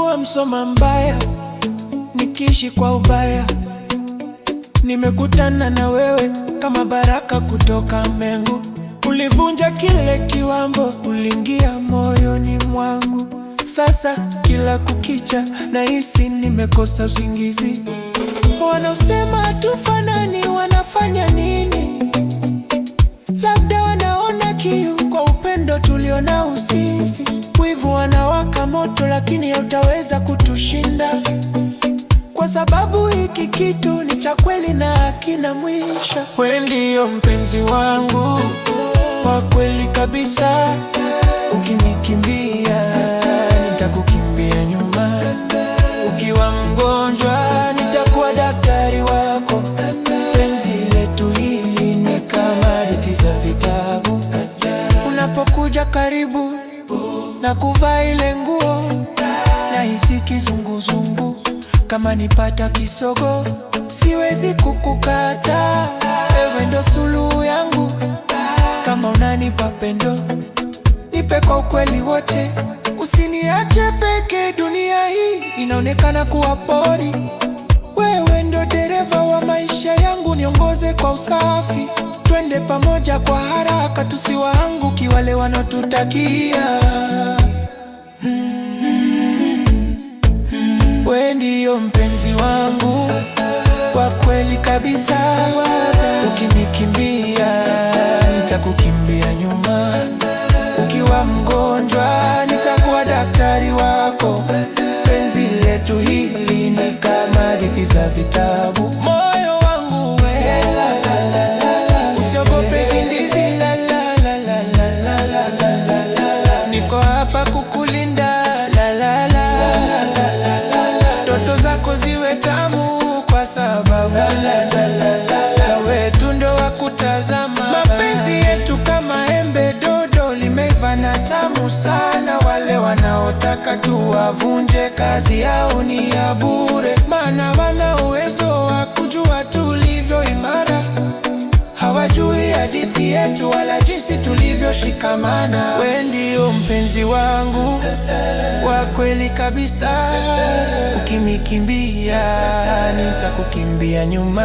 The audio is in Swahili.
Nimekuwa msoma mbaya, nikiishi kwa ubaya. Nimekutana na wewe kama baraka kutoka mbingu. Ulivunja kile kiwambo, uliingia moyoni mwangu. Sasa kila kukicha nahisi nimekosa usingizi. Wanaosema tufanani wanafanya nini? Labda wanaona kiu kwa upendo tulionao moto, lakini hautaweza kutushinda kwa sababu hiki kitu ni cha kweli na hakina mwisho. Wewe ndiyo mpenzi wangu wa kweli kabisa, ukinikimbia nitakukimbia nyuma, ukiwa mgonjwa nitakuwa daktari wako. Penzi letu hili ni kama hadithi za vitabu, unapokuja karibu na kuvaa ile nguo, nahisi kizunguzungu, kama nipata kisogo siwezi kukukata, ewe ndo suluhu yangu. Kama unanipa pendo, nipe kwa ukweli wote, usiniache peke. Dunia hii inaonekana kuwa pori, wewe ndo dereva wa maisha yangu, niongoze kwa usafi Twende pamoja kwa haraka, tusiwaanguki wale wanaotutakia. We ndiyo mpenzi wangu kwa kweli kabisa, ukinikimbia nitakukimbia nyuma, ukiwa mgonjwa nitakuwa daktari wako. Penzi letu hili ni kama hadithi za vitabu. pa kukulinda la la la, ndoto zako ziwe tamu kwa sababu la la la la, ndo wa kutazama mapenzi yetu kama embe dodo limeiva na tamu sana. Wale wanaotaka tuwavunje kazi yao ni ya bure, maana wana uwezo wa kujua tulivyo imara, hawajui hadithi yetu wala jinsi tulivyo tunashikamana, We ndio mpenzi wangu wa kweli kabisa, ukimikimbia nitakukimbia nyuma.